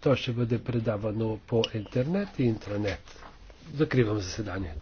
То ще бъде предавано по интернет и интранет. Закривам заседанието.